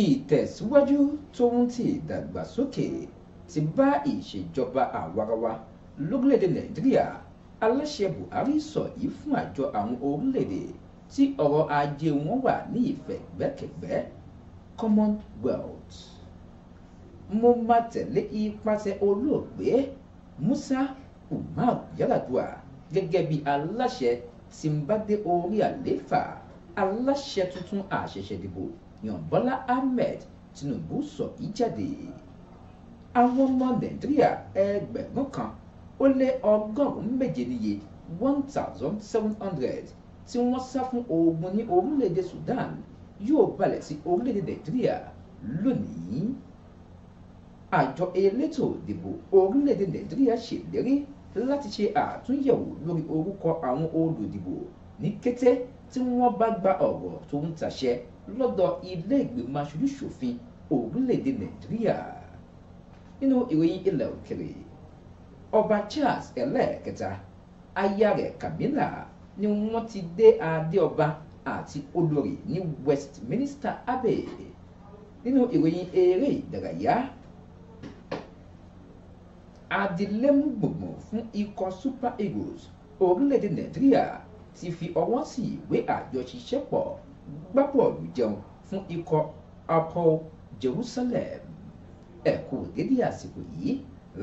ìtẹ̀síwájú tó ń ti ìdàgbàsókè ti bá ìṣèjọba àwarawa lórílẹ̀‐èdè nàìjíríà aláṣẹ buhari sọ yìí fún àjọ àwọn orílẹ̀‐èdè tí ọrọ̀ ajé wọn wà ní ìfẹ̀gbẹ́kẹ̀gbẹ́ commonwealth mo máa tẹ̀lé ipasẹ̀ olóògbé musa umar yar'adua gẹ́gẹ́ bí aláṣẹ tí ń bá dé orí àlééfà aláṣẹ tuntun àṣẹ̀ṣẹ̀dìbò Bọ́lá Ahmed Tinubu sọ yìí jáde àwọn ọmọ Nàìjíríà ẹgbẹ̀rún kan ó lé ọgọ́rùn-ún méje níye one thousand seven hundred tí wọ́n sá fún ogun ní orílẹ̀-èdè Sudan yóò balẹ̀ sí orílẹ̀-èdè Nàìjíríà lónìí àjọ elétò ìdìbò orílẹ̀-èdè Nàìjíríà ṣèlérí láti ṣe àtúnyẹ̀wò lórí orúkọ àwọn olùdìbò ní kété tí wọ́n bá gba ọ̀rọ̀ tó ń taṣẹ́ lọ́dọ̀ ilé ìgbìmọ̀ aṣojúṣòfin orílẹ̀-èdè nàìjíríà nínú ìròyìn ilẹ̀ òkèrè ọba charles ẹlẹ́ẹ̀kẹta aya rẹ̀ camilla ni wọ́n ti dé adé ọba àti olórí ní westminster abbey nínú ìròyìn eré ìdárayá adilẹ́mú gbùngbùn fún ikọ̀ super eagles orílẹ̀-èdè nàìjíríà ti fi ọwọ́ sí ìwé àjọṣiṣẹ́pọ̀ gbábọ́ọ̀lù jẹun fún ikọ̀ akọ Jerusalem ẹ kú dédé àsìkò yìí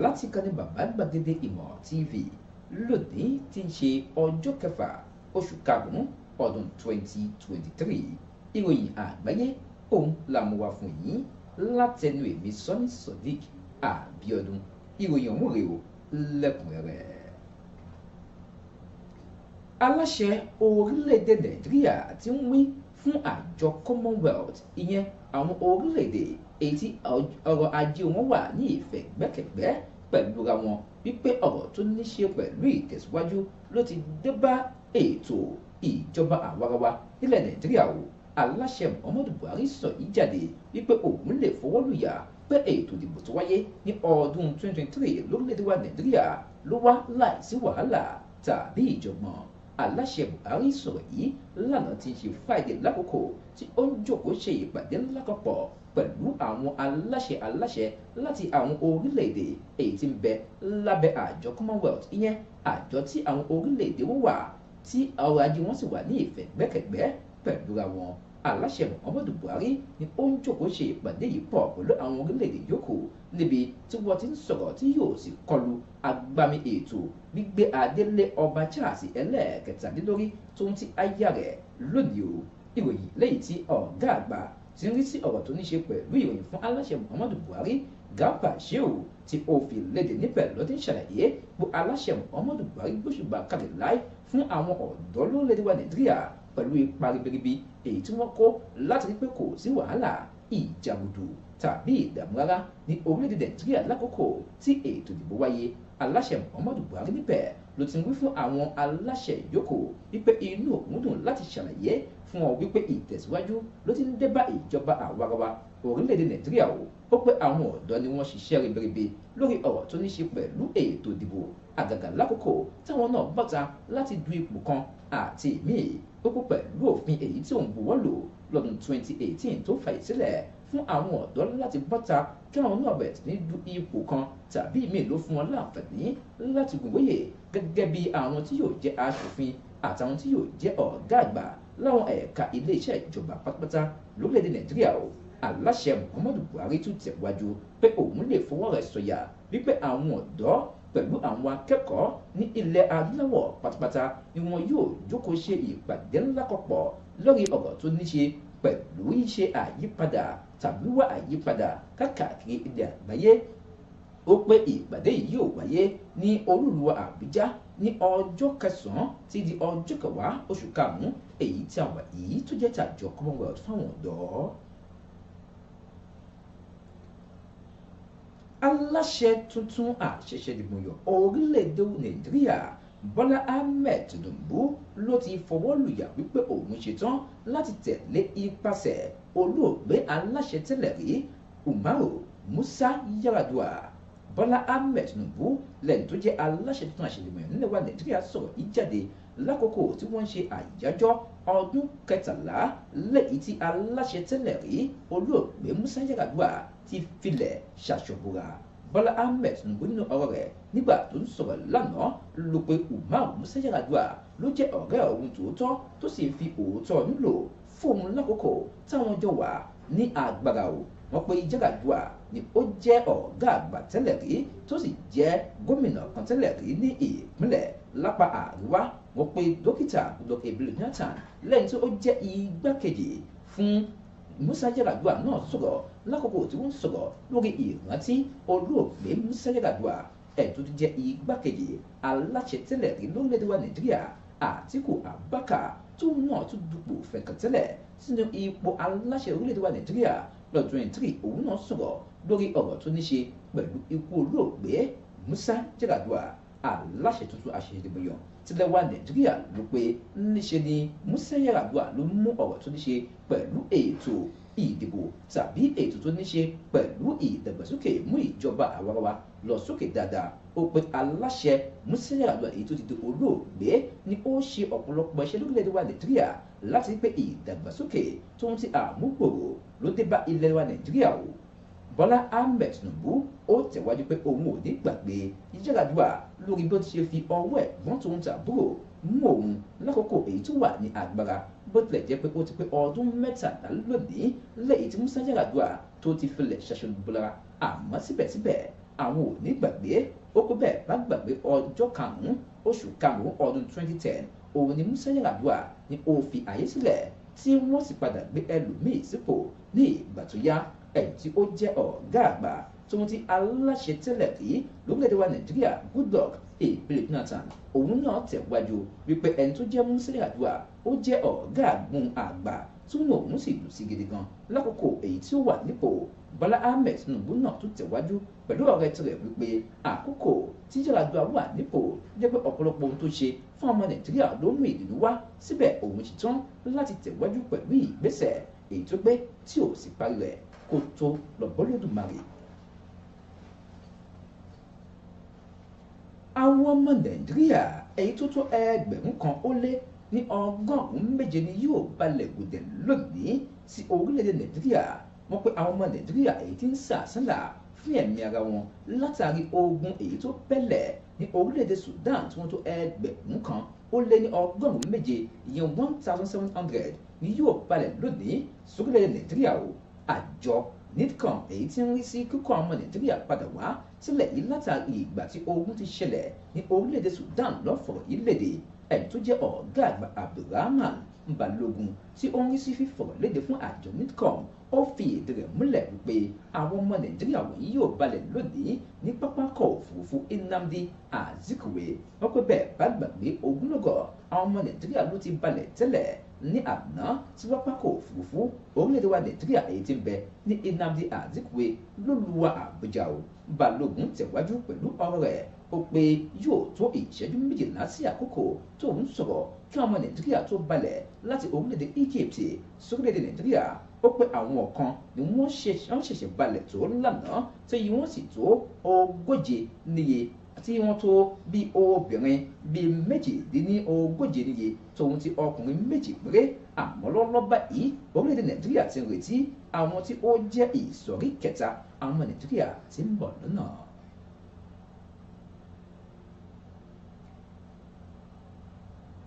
láti kànnì bàbá gbàgede ìmọ̀ TV lónìí ti ń ṣe ọjọ́ kẹfà oṣù karùn-ún ọdún 2023 ìròyìn àgbáyé òun la mú wá fún yín látẹnu èmi sọ́ni sodiq àbíọ́dún ìròyìn ọ̀hún rèé o lẹ́kùnrẹ́rẹ́ aláṣẹ orílẹ̀-èdè nàìjíríà ti ń wí fún àjọ commonwealth ìyẹn àwọn orílẹ̀-èdè èyí tí ọrọ̀ ajé wọn wà ní ìfẹ̀gbẹ́kẹ̀gbẹ́ pẹ̀lú ra wọn wípé ọ̀rọ̀ tó ní ṣe pẹ̀lú ìtẹ̀síwájú ló ti dé bá ètò ìjọba àwarawa nílẹ̀ nàìjíríà o aláṣẹ muhammadu buhari sọ yìí jáde wípé òun lè fọwọ́ lùyà pé ètò ìdìbò tó wáyé ní ọdún 2023 lórílẹ̀‐èdè wa nàìjíríà ló wá láìsí wàhálà tàbí ìjọ̀gbọ̀n aláṣẹ Buhari sọ̀rọ̀ yìí lánàá ti ṣe Friday lákòókò tí ó ń jòkó ṣe ìpàdé ńlá pẹ̀lú àwọn aláṣẹ aláṣẹ láti àwọn orílẹ̀-èdè èyí tí ń bẹ lábẹ́ àjọ Commonwealth ìyẹn àjọ tí àwọn orílẹ̀-èdè wà tí ọrọ̀ ajé wọn sì wà ní ìfẹ̀gbẹ́kẹ̀gbẹ́ pẹ̀lúra wọn aláṣẹ Muhammadu Buhari ni ó ń jòkó ṣe ìpàdé yìí pọ̀ pẹ̀lú àwọn orílẹ̀-èdè yòókù níbi tí wọ́n ti ń sọ̀rọ̀ tí yóò sì kọlu agbami ètò gbígbé adélé ọba Charles ẹlẹ́ẹ̀kẹtàdínlórí tó ń ti aya rẹ̀ lónìí o ìròyìn lẹ́yìn tí ọ̀gá àgbà ti ń rí sí ọ̀rọ̀ tó ní ṣe pẹ̀lú ìròyìn fún aláṣẹ Muhammadu Buhari Garba Shehu tí ó fi léde níbẹ̀ ló ti ń ṣàlàyé pé aláṣẹ Muhammadu Buhari gbóṣùgbà kalẹ̀ láì fún àwọn ọ̀dọ́ lórílẹ̀‐èdè wa Nàìjíríà pẹ̀lú ipa ribiribi èyí tí wọ́n kó láti rí pé kò sí wàhálà ìjàgùdù tàbí ìdààmú rárá ní orílẹ̀-èdè nàìjíríà lákòókò tí ètò ìdìbò wáyé aláṣẹ muhammadu buhari níbẹ̀ ló ti ń wí fún àwọn aláṣẹ ìyókù wípé inú òkun dùn láti ṣàlàyé fún ọ wípé ìtẹ̀síwájú ló ti ń dé bá ìjọba àwarawa orílẹ̀-èdè nàìjíríà o ó pé àwọn ọ̀dọ́ ni wọ́n ṣiṣẹ́ ribiribi lórí ọ̀rọ̀ tó ní ṣe pẹ̀lú ètò ìdìbò àgàgà lákòókò táwọn náà bọ́ta láti du ipò kan àti míì ó kú pẹ̀lú òfin èyí tí òun buwọ́ lò lọ́dún 2018 tó fà sílẹ̀ fún àwọn ọ̀dọ́ láti bọ́ta kí àwọn náà bẹ̀rẹ̀ sí ní du ipò kan tàbí míì ló fún wọn láǹfààní láti gùnwóyè gẹ́gẹ́ bí àwọn tí yóò jẹ́ aṣòfin àtàwọn tí yóò jẹ́ ọ̀gá àgbà láwọn ẹ̀ka iléeṣẹ́ ìjọba pátápátá lórílẹ̀‐èdè nàìjíríà o aláṣẹ muhammadu buhari tún tẹ̀wájú pé òun lè fọwọ́ rẹ̀ sọ̀yà wípé àwọn ọ̀dọ́ pẹ̀lú àwọn akẹ́kọ̀ọ́ ní ilẹ̀ adúláwọ̀ pátápátá ni wọn yóò jókòó ṣe ìpàdé ńlá kọ̀pọ̀ lórí ọ̀rọ̀ tó ní ṣe pẹ̀lú iṣẹ́ àyípadà tàbí wá àyípadà káàkiri ilẹ̀ àgbáyé ó pé ìpàdé yìí yóò wáyé ní olúlu àbújá ní ọjọ́ kẹsàn-án ti di ọjọ́ kẹwàá oṣù karùn-ún èyí tí a wà yìí tó jẹ́ tàjọ commonwealth fáwọn ọ̀dọ́. aláṣẹ tuntun àṣẹ̀ṣẹ̀dìbòyàn orílẹ̀-èdè nàìjíríà Bọ́lá Ahmed Tinubu ló ti fọwọ́ lùyà wípé òun ṣetán láti tẹ̀lé ipasẹ̀ olóògbé aláṣẹ tẹ́lẹ̀ rí Umaru Musa Yar'Adua Bọ́lá Ahmed Tinubu lẹ́yìn tó jẹ́ aláṣẹ tuntun àṣẹlẹ̀mọ̀ nílẹ̀ wa Nàìjíríà sọ̀rọ̀ yìí jáde lákòókò tí wọ́n ń ṣe àyájọ́ ọdún kẹtàlá lẹ́yìn tí aláṣẹ tẹ́lẹ̀ rí olóògbé Musa Yar'Adua ti filẹ̀ ṣàṣọ̀bùrà bọ́lá ahmed tinubu nínú ọ̀rọ̀ rẹ̀ nígbà tó ń sọ̀rọ̀ lánàá ló pe umar musa yar'adua ló jẹ́ ọ̀rẹ́ òun tòótọ́ tó sì fi òótọ́ nílò fóun lákòókò táwọn jọ wà ní agbára o wọ́n pe yar'adua ni ó jẹ́ ọ̀gá àgbà tẹ́lẹ̀ rí tó sì jẹ́ gómìnà kan tẹ́lẹ̀ rí ní ìpínlẹ̀ lápá àríwá wọ́n pe dókítà Goodluck Ebele Jonathan lẹ́yìn tó ó jẹ́ igbákejì fún musa yar'adua náà sọ̀rọ̀ lákòókò tí wọ́n sọ̀rọ̀ lórí ìrántí olóògbé musa yar'adua ẹ̀tún e, ti jẹ́ igbákejì aláṣẹ tẹ́lẹ̀ rí lórílẹ̀‐èdè wa nàìjíríà àtíkù abáka tó náà tún dupò fẹ̀kàntẹ́lẹ̀ sínú ipò aláṣẹ orílẹ̀‐èdè wa nàìjíríà lọ́dún ẹ̀ńtírì òun náà sọ̀rọ̀ lórí ọ̀rọ̀ tó ní ṣe pẹ̀lú ikú olóògbé musa yar'adua aláṣẹ tuntun àṣeyẹdẹgbẹ̀yàn tilẹ̀ wa nàìjíríà ló pé níṣe ni musa yar'adua ló mú ọ̀rọ̀ tó níṣe pẹ̀lú ètò ìdìbò tàbí ètò tó níṣe pẹ̀lú ìdàgbàsókè mú ìjọba àwarawa lọ sókè dáadáa ó pe aláṣẹ musa yar'adua èyí tó ti di olóògbé ni ó ṣe ọ̀pọ̀lọpọ̀ iṣẹ́ lórílẹ̀‐èdè wa nàìjíríà láti pé ìdàgbàsókè tó ń ti àmúgbòrò ló dé bá ilẹ̀ wa nàìjíríà o Bọ́lá Ahmed Tinubu ó tẹ̀wájú pé òun ò ní gbàgbé ìjẹ́gàdúrà lórí bó ti ṣe fi ọwọ́ ẹ̀ gbọ́n tòun tàbúrò mú òun lákòókò èyí tó wà ní agbára bó tilẹ̀ jẹ́ pé ó ti pé ọdún mẹ́tàlá lẹ́yìn tí Musa Yar'Adua tó ti filẹ̀ ṣaṣolúbolára àmọ́ síbẹ̀síbẹ̀ àwọn ò ní gbàgbé ó kó bẹ́ẹ̀ bá gbàgbé ọjọ́ karùn-ún oṣù karùn-ún ọdún 2010 òun ni Musa Yar'Adua ni ó fi àyè sílẹ̀ tí wọ́n sì padà gbé ẹlòmíì sípò ní ìgbà tó yá ẹni tí ó jẹ́ ọ̀gá àgbà tó mú ti aláṣẹ tẹ́lẹ̀ rí lórílẹ̀‐èdè wa nàìjíríà goodluck èbèrè jonathan òun náà tẹ̀wájú wípé ẹni tó jẹ́ músílẹ̀ àdúrà ó jẹ́ ọ̀gá àgbọn àgbà túnú òun sì lù sí gidi gan lákòókò èyí tí ó wà nípò bala ahmed tinubu náà tún tẹ̀wájú pẹ̀lú ọ̀rẹ́ tirẹ̀ wípé àkókò tíjọba àdúrà wà nípò jẹ́ pé ọ̀pọ̀lọpọ̀ ohun tó ṣe fún ọmọ nàìjíríà ló mú ìdùnnú wá síbẹ̀ òun ṣetán láti tẹ̀wájú pẹ̀lú ìgbésẹ̀ èyí tó gbé tí ò sì parí rẹ̀ kó tó lọ́bọ́lódùmarè. àwọn ọmọ nàìjíríà èyí tó tó ẹgbẹ̀rún kan ó lé ní ọgọ́rùn-ún méje ni yóò balẹ̀ gùdẹ̀ lónìí sí orílẹ̀-èdè nàìjíríà wọ́n pé àwọn ọmọ nàìjíríà èyí tí ń sàásánlà fún ẹ̀mí ara wọn látàrí ogun èyí tó bẹ́lẹ̀ ní orílẹ̀-èdè Sudan tí wọ́n tó ẹgbẹ̀rún kan ó lé ní ọgọ́rùn-ún méje ìyẹn one thousand seven hundred ni yóò balẹ̀ lónìí sórílẹ̀-èdè nàìjíríà o àjọ nidcom èyí tí ń rí sí kíkọ́ ọmọ nàìjíríà padà wá sílẹ̀ yìí látàrí ìgbà tí ogun ti ṣẹlẹ̀ ní orílẹ̀-èdè sudan lọ́fọ̀rọ̀ yìí léde ẹni tó jẹ́ ọ̀gá àgbà abdulrahman balógun tí ó ń rí sí fífọ̀rọ̀ léde fún àjọ nidcom ó fi ìdí rẹ̀ múlẹ̀ wípé àwọn ọmọ nàìjíríà wọ̀nyí yóò balẹ̀ lónìí ní pápákọ̀ òfurufú nnamdi azikiwe wọ́n pẹ́ bẹ́ẹ̀ bá gbàgbé ogunlọ́gọ̀ àwọn ọmọ nàìjíríà ló ti balẹ̀ tẹ́lẹ̀ ní àná tí wọ́n pákó òfurufú orílẹ̀-èdè wa nàìjíríà èyí tí ń bẹ ní nnamdi azikiwe lólùwà àbújá o balógun tẹ̀wájú pẹ̀lú ọ̀rọ̀ rẹ̀ ó pé yóò tó ìṣẹ́jú méjìlá sí àkókò tó ń sọ̀rọ̀ kí ọmọ nàìjíríà tó balẹ̀ láti orílẹ̀-èdè egypt sórílẹ̀-èdè nàìjíríà ó pé àwọn kan ni wọ́n ṣẹ̀ṣẹ̀ balẹ̀ tó lánàá tí wọ́n sì tó ogóje níye tí wọ́n tó bí obìnrin bíi méjìdínlógójì níye tóun ti ọkùnrin méjì péré àmọ́ lọ́lọ́ báyìí orílẹ̀-èdè nàìjíríà ti retí àwọn tí ó jẹ́ ìsọ̀rí kẹta àwọn nàìjíríà ti ń bọ̀ lọ́nà.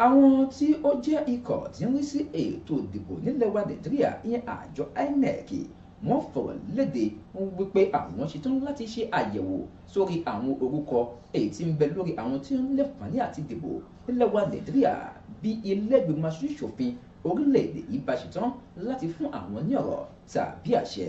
àwọn tí ó jẹ́ ikọ̀ tí ń rí sí ètò ìdìbò nílẹ̀ wa nàìjíríà ìyẹn àjọ INEC wọ́n fọ̀rọ̀ léde wípé àwọn ṣetán láti ṣe àyẹ̀wò sórí àwọn orúkọ èyí tí ń bẹ lórí àwọn tí ń lẹ́fààní àti dìbò nílẹ̀ wa nàìjíríà bí ilé ìgbìmọ̀ aṣojúṣòfin orílẹ̀-èdè yìí bá ṣetán láti fún àwọn ní ọ̀rọ̀ tàbí àṣẹ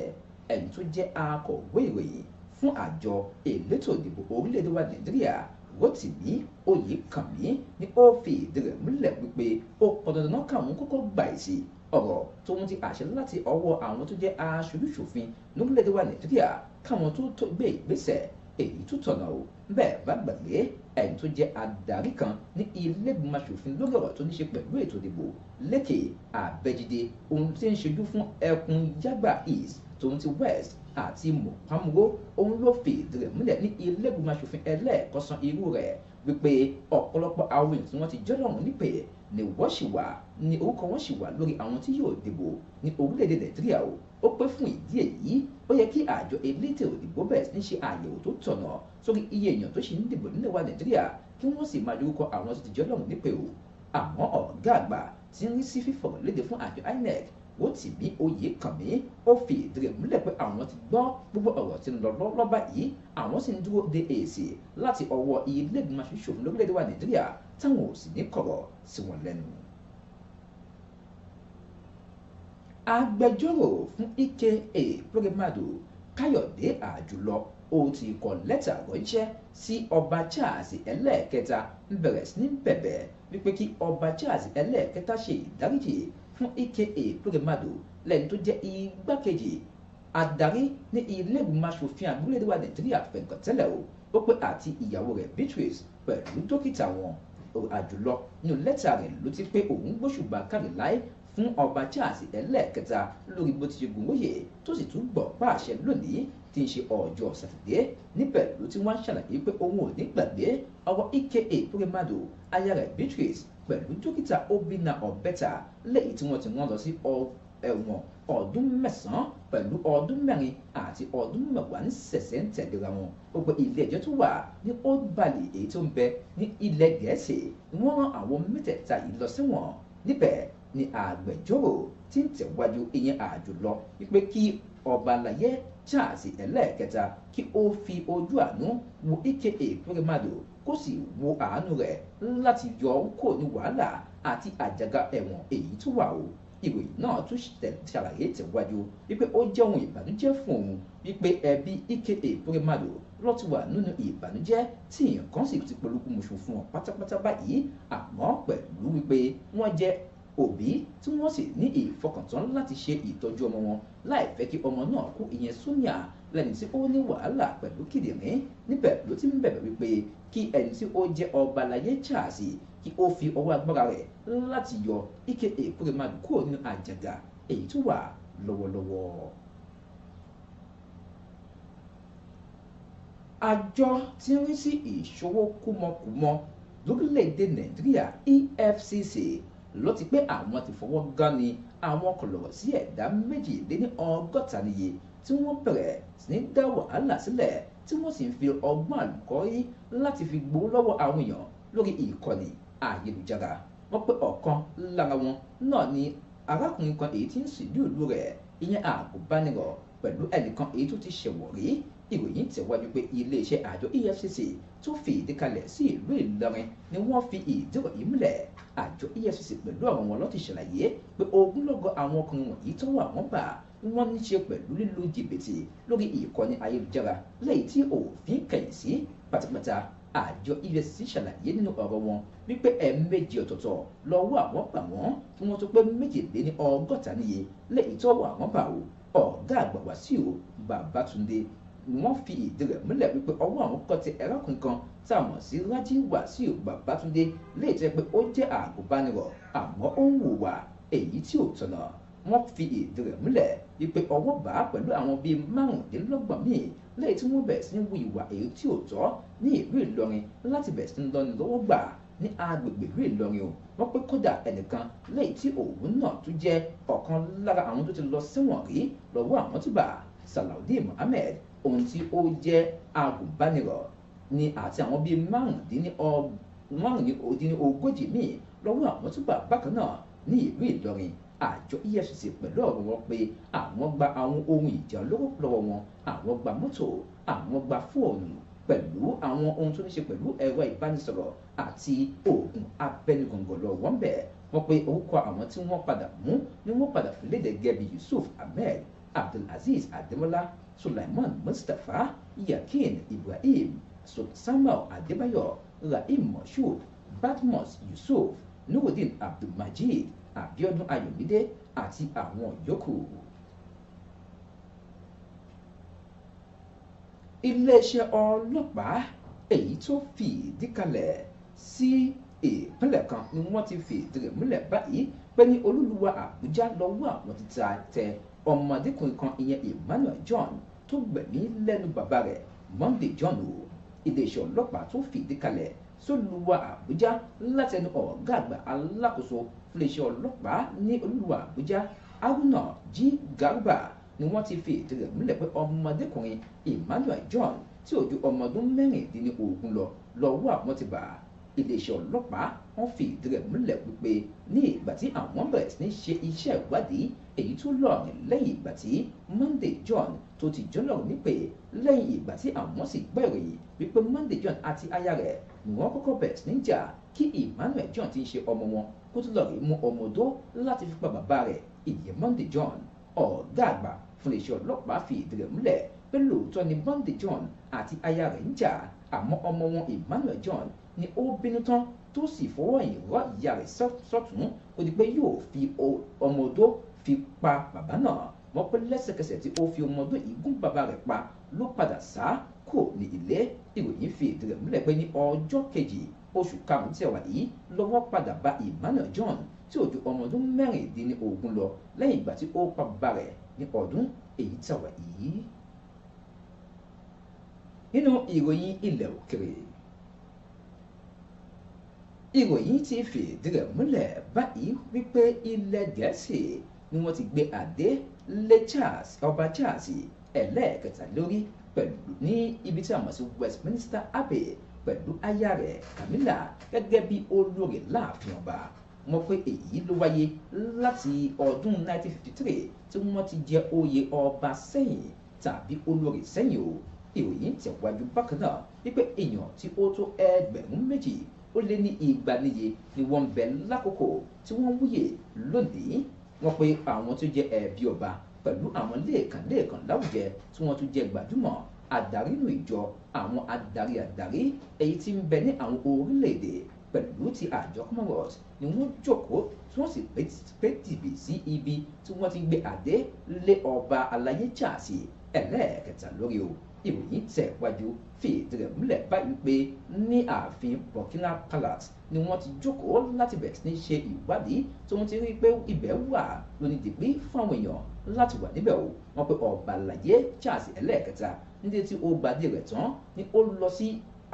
ẹni tó jẹ́ akọ̀wé ìròyìn fún àjọ elétò ìdìbò orílẹ̀-èdè wa nàìjíríà Rotimi Oyèkànmí ni ó fi ìdí rẹ̀ múlẹ̀ wípé ó pọn náà káwọn kọ́kọ́ gbà èsì ọ̀rọ̀ tó ń ti àṣẹ láti ọwọ́ àwọn tó jẹ́ aṣojúṣòfin lórílẹ̀‐èdè wa Nàìjíríà káwọn tó tó gbé ìgbésẹ̀ èyí tó tọ̀nà o bẹ́ẹ̀ bá gbàgbé ẹni tó jẹ́ adarí kan ní ilé-ìgbìmọ̀ aṣòfin lórí ọ̀rọ̀ tó ní ṣe pẹ̀lú ètò ìdìbò Lékè Àbẹ́jídé ohun tí ń ṣojú fún ẹkùn Yágbà East tòun ti west àti mọ̀pámúró òun ló fìdí rẹ̀ múlẹ̀ ní ilé ìgbìmọ̀ asòfin ẹlẹ́ẹ̀kọ́sán irú rẹ̀ wípé ọ̀pọ̀lọpọ̀ àwọn èèyàn tí wọ́n ti jọ́lọ́run nípè ni wọ́n sì wà ni orúkọ wọn sì wà lórí àwọn tí yóò dìbò ní orílẹ̀-èdè nàìjíríà o ó pé fún ìdí èyí ó yẹ kí àjọ elétò ìdìbò bẹ̀rẹ̀ sí ní ṣe àyẹ̀wò tó tọ̀nà sórí iye èèyàn tó ṣì ń dìbò nílẹ̀ wa nàìjíríà kí wọ́n sì máa lórúkọ àwọn tó ti jọ́lọ́run nípè o àmọ́ ọ̀gá àgbà tí ń rí sí fífọ̀rọ̀ léde fún àjọ INEC Rotimi Oyèkànmí ó fi ìdí rẹ̀ múlẹ̀ pé àwọn ti gbọ́ gbogbo ọ̀rọ̀ tí ń lọ lọ́wọ́ báyìí àwọn sì ń dúró de èsì láti ọwọ́ ilé ìgbìmọ̀ aṣòfin lórílẹ̀‐èdè wa Nàìjíríà táwọn ò sì ní kọ̀rọ̀ sí wọn lẹ́nu. agbẹjọ́rò fún Ike Ekweremadu Káyọ̀dé Àjùlọ ó ti kọ lẹ́tà ránṣẹ́ sí ọba Charles ẹlẹ́ẹ̀kẹta ń bẹ̀rẹ̀ sí ní bẹ̀bẹ̀ wípé kí ọba Charles ẹlẹ́ẹ̀kẹta ṣe ìdáríjì fún aka Lórẹ̀madò lẹ́ni tó jẹ́ igbákejì adarí ní ilé ìgbìmọ̀ asòfin àgbélẹ̀dẹ́ wa nàìjíríà fẹ̀ǹkàntẹ́lẹ̀ o ó pé àti ìyàwó rẹ̀ Beatrice pẹ̀lú dókítà wọn àjùlọ nínú lẹ́tà rẹ̀ ló ti pé òun gbóṣùbà Káríláì fún ọba Charles ẹlẹ́ẹ̀kẹta lórí bó ti ṣe gùn wòye tó sì tún gbọ̀ pa àṣẹ lónìí tí ń ṣe ọjọ́ sátidé níbẹ̀ ló ti wá ń ṣàlàyé pé òun ò ní gbàgbé ọwọ́ aka Lórẹ̀madò aya rẹ̀ Beatrice pẹ̀lú dókítà obìnà ọ̀bẹ́ta léyìí tí wọ́n ti wọ́n lọ sí ẹ̀wọ̀n ọdún mẹ́sàn-án pẹ̀lú ọdún mẹ́rin àti ọdún mẹ́wàá ní sẹ̀sẹ̀ ń tẹ̀léra wọn ó ilé ẹjọ́ tó wà ní old bali èyí tó ń bẹ ní ilẹ̀ gẹ̀ẹ́sì wọ́n rán àwọn mẹ́tẹ̀ẹ̀ta yìí lọ síwọ̀n níbẹ̀ ni agbẹjọ́rò ti ń tẹ̀wájú ìyẹn àjùlọ wípé kí ọba àlàyé Charles ẹlẹ́ẹ̀kẹta kí ó fi ojú àánú wo Ike Ekweremadu kó sì wo àánú rẹ̀ láti yọ ọ́ kò ní wàhálà àti àjàgà ẹ̀wọ̀n èyí tó wà o ìròyìn náà tún ṣàlàyé tẹ̀wájú wípé ó jẹ́ ohun ìbànújẹ́ fún òun wípé ẹbí ike Eporemadu ló ti wà nínú ìbànújẹ́ tí nǹkan sì ti polúkú muṣu fún ọ pátápátá báyìí àmọ́ pẹ̀lú wípé wọ́n jẹ́ òbí tí wọ́n sì ní ìfọkàntán láti ṣe ìtọ́jú ọmọ wọn láì fẹ́ kí ọmọ náà kú ìyẹn Sumia lẹ́ni tí ó ní wàhálà pẹ̀lú kìdìnrín níbẹ̀ ló ti ń bẹ̀rẹ̀ wípé kí ẹni tí ó jẹ́ ọba láyé Charles kí ó fi ọwọ́ agbára rẹ̀ láti yọ Ike Ekwuremadu kúrò nínú àjàgà èyí tó wà lọ́wọ́lọ́wọ́. àjọ tí ń rí sí ìṣòwò kúmọkùmọ lórílẹ̀‐èdè nàìjíríà efcc ló ti pé àwọn ti fọwọ́ gán ni àwọn kọlọ̀rọ̀ sí ẹ̀dá méjìléní ọgọ́ta níye tí wọ́n bẹ̀rẹ̀ sí ní dá wàhálà sílẹ̀ tí wọ́n sì ń fi ọgbọ́n àlùkọ́rí láti fi gbowó lọ́wọ́ àwọn èèyàn lórí ìkànnì ayélujára wọ́n pé ọ̀kan lára wọn náà ni arákùnrin kan èyí tí ń sìndú rẹ̀ ìyẹn àgùnbánirọ̀ pẹ̀lú ẹnìkan èyí tó ti ṣẹ̀wọ̀ rí ìròyìn tẹ̀wájú pé iléeṣẹ́ àjọ EFCC tó fi ìdí kalẹ̀ sí ìlú Ìlọrin ni wọ́n fi ìdí ròyìn múlẹ̀ àjọ EFCC pẹ̀lú àwọn wọn lọ́ti ṣàlàyé pé ogunlọ́gọ̀ àwọn ọkùnrin wọ̀nyí tọ́wọ́ àwọn bá wọ́n ní ṣe pẹ̀lú lílo jìbìtì lórí ìkànnì ayélujára lẹ́yìn tí òfin kẹ̀yìn sí pátápátá àjọ EFCC ṣàlàyé nínú ọ̀rọ̀ wọn wípé ẹ̀ẹ̀mejì ọ̀tọ̀ọ̀tọ̀ lọ́wọ́ àwọn pa wọ́n kí wọ́n tó pé méjìléní ọgọ́ta níye lẹ́yìn tọ́wọ́ àwọn bá ọ̀gá àgbà Wàsíù wọ́n fi ìdí rẹ̀ múlẹ̀ wípé ọwọ́ àwọn kọ́ ti ẹlẹ́kùn kan tá a mọ̀ sí Rájí Wàsíù Babátúndé léè tẹ́ pé ó jẹ́ àgùnbánirọ̀ àmọ́ ó ń hùwà èyí tí ò tọ̀nà wọ́n fi ìdí múlẹ̀ wípé ọwọ́ bá pẹ̀lú àwọn bíi márùndínlọ́gbọ̀n míì léè tí wọ́n bẹ̀rẹ̀ sí ń wu ìwà èyí tí ò tọ́ ní ìlú Ìlọrin láti bẹ̀rẹ̀ sí ń lọ́ni lọ́wọ́ gbà ní agbègbè ìlú Ìlọrin o wọ́n pé kódà ẹnìkan léyìí tí òun náà tún jẹ́ ọ̀kan lára àwọn tó ti lọ síwọ̀n rí lọ́wọ́ àwọn tó bá Salaudeen Mohammed ohun tí ó jẹ́ agùnbánirọ̀ ni àti àwọn bíi márùndínlógójì míì lọ́wọ́ àwọn tó gbà bákan náà ní ìlú Ìlọrin àjọ EFCC pẹ̀lú ọ̀rọ̀ wọn pé àwọn gba àwọn ohun ìjà olóró lọ́wọ́ wọn àwọn gba mọ́tò àwọn gba fóònù pẹ̀lú àwọn ohun tó ní ṣe pẹ̀lú ẹ̀rọ ìbánisọ̀rọ̀ àti oògùn abẹnugọ̀ngọ̀ lọ wọ́n bẹ̀ wọ́n pé orúkọ àwọn tí wọ́n padà mú ni wọ́n padà fi léde gẹ́bi Yusuf Ahmed Abdulaziz Ademola Sulaiman Mustafa, Yakin Ibrahim Samuel Adébáyọ̀ Rahim Moshood Batmos Yusuf Nurudeen Abdulmajid Abiodun Ayomide àti àwọn yòókù. iléeṣẹ́ ọlọ́pàá èyí tó fìdí kalẹ̀ sí ìpínlẹ̀ kan ni wọ́n ti fìdí rẹ̀ múlẹ̀ báyìí pé ní olúluwa àbújá lọ́wọ́ àwọn ti tẹ ọmọdékùnrin kan ìyẹn Emmanuel John tó gbẹ̀mí lẹ́nu bàbá rẹ̀ Monday John o iléeṣẹ́ ọlọ́pàá tó fìdí kalẹ̀ sólùwà Àbújá látẹnu ọ̀gá àgbà alákòóso fúnléeṣẹ́ ọlọ́pàá ní olùwà Àbújá Haruna G. Garba ni wọ́n ti fi rẹ̀ múlẹ̀ pé ọmọdékùnrin Emmanuel John tí ò ju ọmọ ọdún mẹ́rìndínlógún lọ lọ́wọ́ àwọn ti bà á iléeṣẹ́ ọlọ́pàá wọ́n fi ìdí rẹ̀ múlẹ̀ pípé ní ìgbà tí àwọn bẹ̀rẹ̀ sí ṣe iṣẹ́ ìwádìí èyí tó lọ ní lẹ́yìn ìgbà tí Monday John tó ti jọlọ nípè lẹ́yìn ìgbà tí àwọn sì gbọ́ ìròyìn wípé Monday John àti aya rẹ̀ ni wọ́n kọ́kọ́ bẹ̀rẹ̀ sí ní jà kí Emmanuel John ti ń ṣe ọmọ wọn kó tó lọ rí mú ọmọ dó láti fi pa bàbá rẹ̀ ìyẹn Monday John ọ̀gá àgbà fún iléeṣẹ́ ọlọ́pàá fi ìdí rẹ̀ múlẹ̀ pé lóòótọ́ ni Monday John àti aya rẹ̀ ń jà àmọ́ ọmọ wọn Emmanuel John ni ó bínú tán tó sì fọwọ́ ìrọ́ ìyá rẹ̀ sọ́tún ó di pé yóò fi ọmọ dó fi pa bàbá náà wọ́n pẹ́ lẹ́sẹ̀kẹsẹ̀ tí ó fi ọmọ ọdún yìí gún bàbá rẹ̀ pa ló padà sá kò ní ilé ìròyìn fi ètò rẹ̀ múlẹ̀ pé ní ọjọ́ kejì oṣù karùn-ún yìí lọ́wọ́ padà bá Emmanuel John tí ó ju ọmọ ọdún mẹ́rìndínlógún lọ lẹ́yìn ìgbà tí ó pa bàbá rẹ̀ ní ọdún èyí tẹ̀wá yìí. nínú ìròyìn ilẹ̀ òkèrè ìròyìn ti fìdí rẹ̀ múlẹ̀ báyìí wípé ilẹ̀ gẹ̀ẹ́sì ni wọ́n ti gbé àdélé Charles ọba Charles ẹlẹ́ẹ̀kẹta lórí pẹ̀lú ní ibi tí a mọ̀ sí Westminster Abbey pẹ̀lú aya rẹ̀ Camilla gẹ́gẹ́ bí olórí láàfin ọba mọ̀ pé èyí ló wáyé láti ọdún 1953 tí wọ́n ti jẹ oyè ọba sẹ́yìn tàbí olórí sẹ́yìn o ìròyìn tẹ̀wájú bákan náà wípé èèyàn tí ó tó ẹgbẹ̀rún méjì ó lé ní igba ni wọ́n ń bẹ lákòókò tí wọ́n wúyè lónìí wọ́n pe àwọn tó jẹ́ ẹ̀bí ọba pẹ̀lú àwọn léèkàn léèkàn láwùjẹ tí wọ́n tún jẹ́ gbajúmọ̀ àdarí nù ìjọ àwọn adarí àdarí èyí tí ń bẹ ní àwọn orílẹ̀-èdè pẹ̀lú ti àjọ commonwealth ni wọ́n jókòó tí wọ́n sì pé tìbì sí ibi tí wọ́n ti gbé adé lé ọba alayé jà sí ẹlẹ́ẹ̀kẹta lórí o ìròyìn tẹ̀wájú fi ìdí rẹ̀ múlẹ̀ báyìí pé ní ààfin Burkina Palace ni wọ́n ti jókòó láti bẹ̀rẹ̀ sí ní ṣe ìwádìí tó ń ti rí i pé ibẹ̀ wà lónìí dìgbì fáwọn èèyàn láti wà níbẹ̀ o wọ́n pe ọ̀bàlàyé Charles ẹlẹ́ẹ̀kẹta níbi tí ó gbadé rẹ̀ tán ni ó lọ sí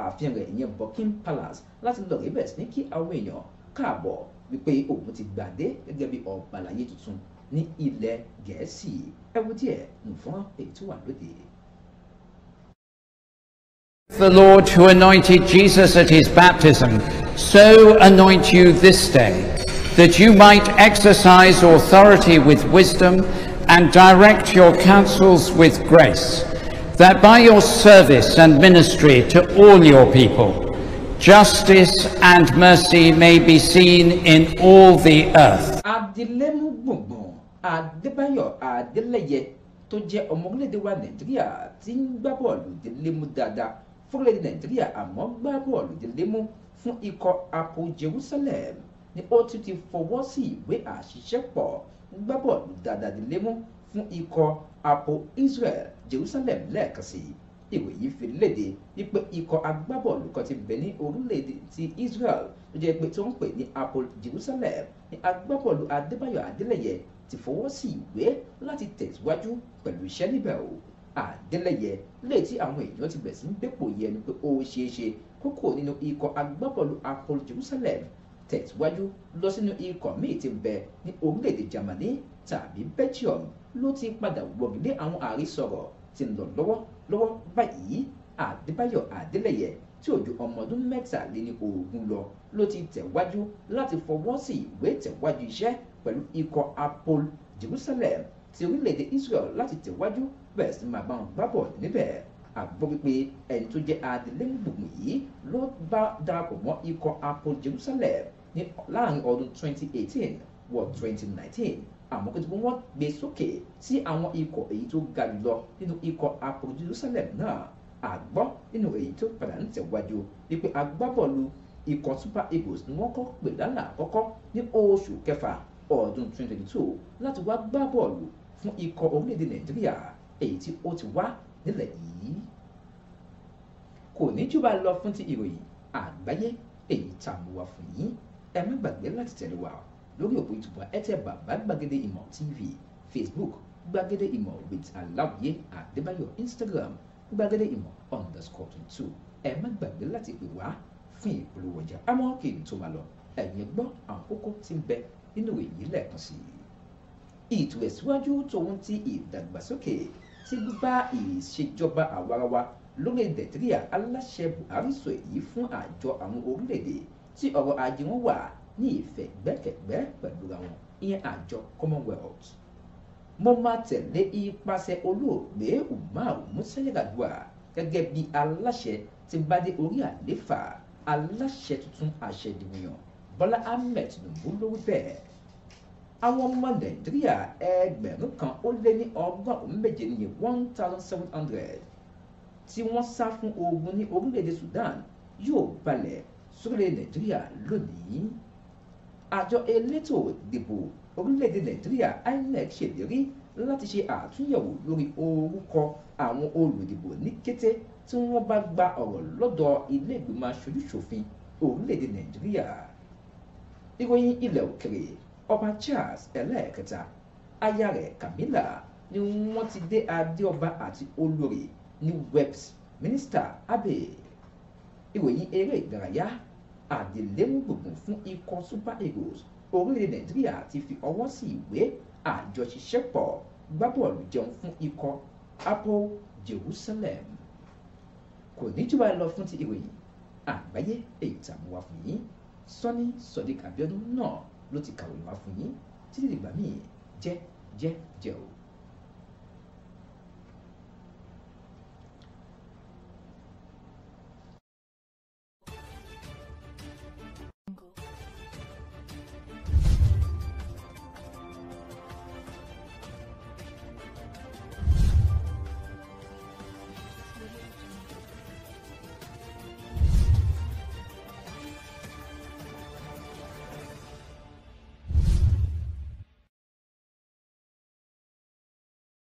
ààfin rẹ̀ ìyẹn Burkina Palace láti lọ rí bẹ̀rẹ̀ sí ní kí àwọn èèyàn káàbọ̀ wípé òun ti gbadé gẹ́gẹ́ bí ọ̀bàlàyé tuntun ní ilẹ̀ gẹ̀ẹ́sì ẹ wo díẹ̀ nǹkan èyí tó wà lóde. The Lord who anointed Jesus at his baptism, so anoint you this day, that you might exercise authority with wisdom and direct your counsels with grace, that by your service and ministry to all your people, justice and mercy may be seen in all the earth. adélẹ́yẹ tó jẹ́ wa mú fúnlẹ̀dì nàìjíríà àmọ́ gbá bọ́ọ̀lù délé fún ikọ̀ apo jerusalem ni ó tún ti fọwọ́ sí ìwé àṣìṣẹ́pọ̀ gbá bọ́ọ̀lù dáadáa délé fún ikọ̀ apo israel jerusalem lẹ́ẹ̀kan sí ìwé yìí fi léde wípé ikọ̀ agbábọ́ọ̀lù kan ti bẹ̀ ní orílẹ̀-èdè ti israel ló jẹ́ pé tó ń pè ní apo jerusalem ni agbábọ́ọ̀lù adébáyọ̀ adélẹ́yẹ ti fọwọ́ sí ìwé láti tẹ̀síwájú pẹ̀lú iṣẹ́ níbẹ̀ o Adeleye léyìí tí àwọn èèyàn ti bẹ̀rẹ̀ sí ń dépò yẹnu pé ó ṣeé ṣe kókó nínú ikọ̀ agbábọ́ọ̀lù Apollo Jerusalem tẹ̀síwájú lọ sínú ikọ̀ míì ti bẹ ní orílẹ̀-èdè Germany tàbí Belgium ló ti padà wọ̀gìlé àwọn àrísọ̀rọ̀ ti lọ lọ́wọ́ lọ́wọ́ báyìí Adébáyọ̀ Adeleye tí òjò ọmọ ọdún mẹ́tàléní ogún lọ ló ti tẹ̀wájú láti fọwọ́ sí ìwé tẹ̀wájú iṣẹ́ pẹ̀lú ikọ̀ Apollo Jerusalem ti orílẹ̀-èdè Israel láti tẹ̀wájú bẹ̀rẹ̀ sí máa bá wọn bá bọ̀ níbẹ̀ àgbọ́ wípé ẹni tó jẹ́ adélẹ́gbùgbùn yìí ló bá darapọ̀ mọ́ ikọ̀ apò Jerusalem ní láàrin ọdún 2018 wọ 2019 àmọ́ kí wọ́n gbé sókè sí àwọn ikọ̀ èyí tó ga jùlọ nínú ikọ̀ apò Jerusalem náà àgbọ́ nínú èyí tó padà ń tẹ̀wájú wípé agbábọ́ọ̀lù ikọ̀ Super Eagles ni wọ́n kọ́ pè lánàá àkọ́kọ́ ní oṣù kẹfà ọdún 2022 láti wá gbá bọ́ọ̀lù fún ikọ̀ orílẹ̀-èdè Nàìjíríà èyí tí ó ti wá nílẹ̀ yìí kò ní jù bá lọ fún ti ìròyìn àgbáyé èyí tá a mú wá fún yín ẹ má gbàgbé láti tẹ̀lé wa lórí òpó ìtùbà ẹ tẹ bàbá gbàgede ìmọ̀ tv facebook gbàgede ìmọ̀ with aláwìyé àdébáyọ̀ instagram gbàgede ìmọ̀ underscore twenty two ẹ má gbàgbé láti pè wá fún ìpolówó ọjà àmọ́ kì í tó máa lọ ẹ̀yin gbọ́ àwọn kókó tí ń bẹ nínú èyí lẹ́ẹ̀kan sí i tòun ti ìdàgbàsókè sí gbígbá ìṣèjọba àwarawa lórílẹ̀-èdè tíríà aláṣẹ buhari sọ èyí fún àjọ àwọn orílẹ̀-èdè tí ọ̀rọ̀ ajé wọn wà ní ìfẹ̀gbẹ́kẹ̀gbẹ́ pẹ̀lú àwọn ìyẹn àjọ commonwealth mo máa tẹ̀lé ipasẹ̀ olóògbé umar musayagadua gẹ́gẹ́ bí aláṣẹ tí bá dé orí àléfà aláṣẹ tuntun àṣẹdìmíyàn bọ́lá ahmed tinubu ló wí bẹ́ẹ̀ àwọn ọmọ nàìjíríà ẹgbẹ̀rún kan ó lé ní ọgọ́rùn-ún méje ní one thousand seven hundred tí wọ́n sá fún ogun ní orílẹ̀-èdè Sudan yóò balẹ̀ sórílẹ̀ nàìjíríà lónìí àjọ elétò ìdìbò orílẹ̀-èdè nàìjíríà INEC ṣèlérí láti ṣe àtúnyẹ̀wò lórí orúkọ àwọn olùdìbò ní kété tí wọ́n bá gba ọ̀rọ̀ lọ́dọ̀ ilé ìgbìmọ̀ aṣojú-ṣòfin orílẹ̀-èdè nàìjíríà ìròyìn ilẹ̀ òkèrè ọba Charles ẹlẹ́ẹ̀kẹta aya rẹ̀ Camilla ni wọ́n ti dé adé ọba àti olórí ní minister Abe ìròyìn eré ìdárayá àdèlé ń gbògùn fún ikọ̀ Super Eagles orílẹ̀ Nàìjíríà ti fi ọwọ́ sí ìwé àjọṣiṣẹ́pọ̀ gbábọ́ọ̀lù jẹun fún ikọ̀ Apple Jerusalem kò ní jù báyìí lọ fún ti ìròyìn àgbáyé èyí tààmú wa fún yín Sọ́ní Sọ́dí Kábíọ́dún náà ló ti kàwé wá fún yín títí dìgbà míì jẹ́ jẹ́ jẹ́ o.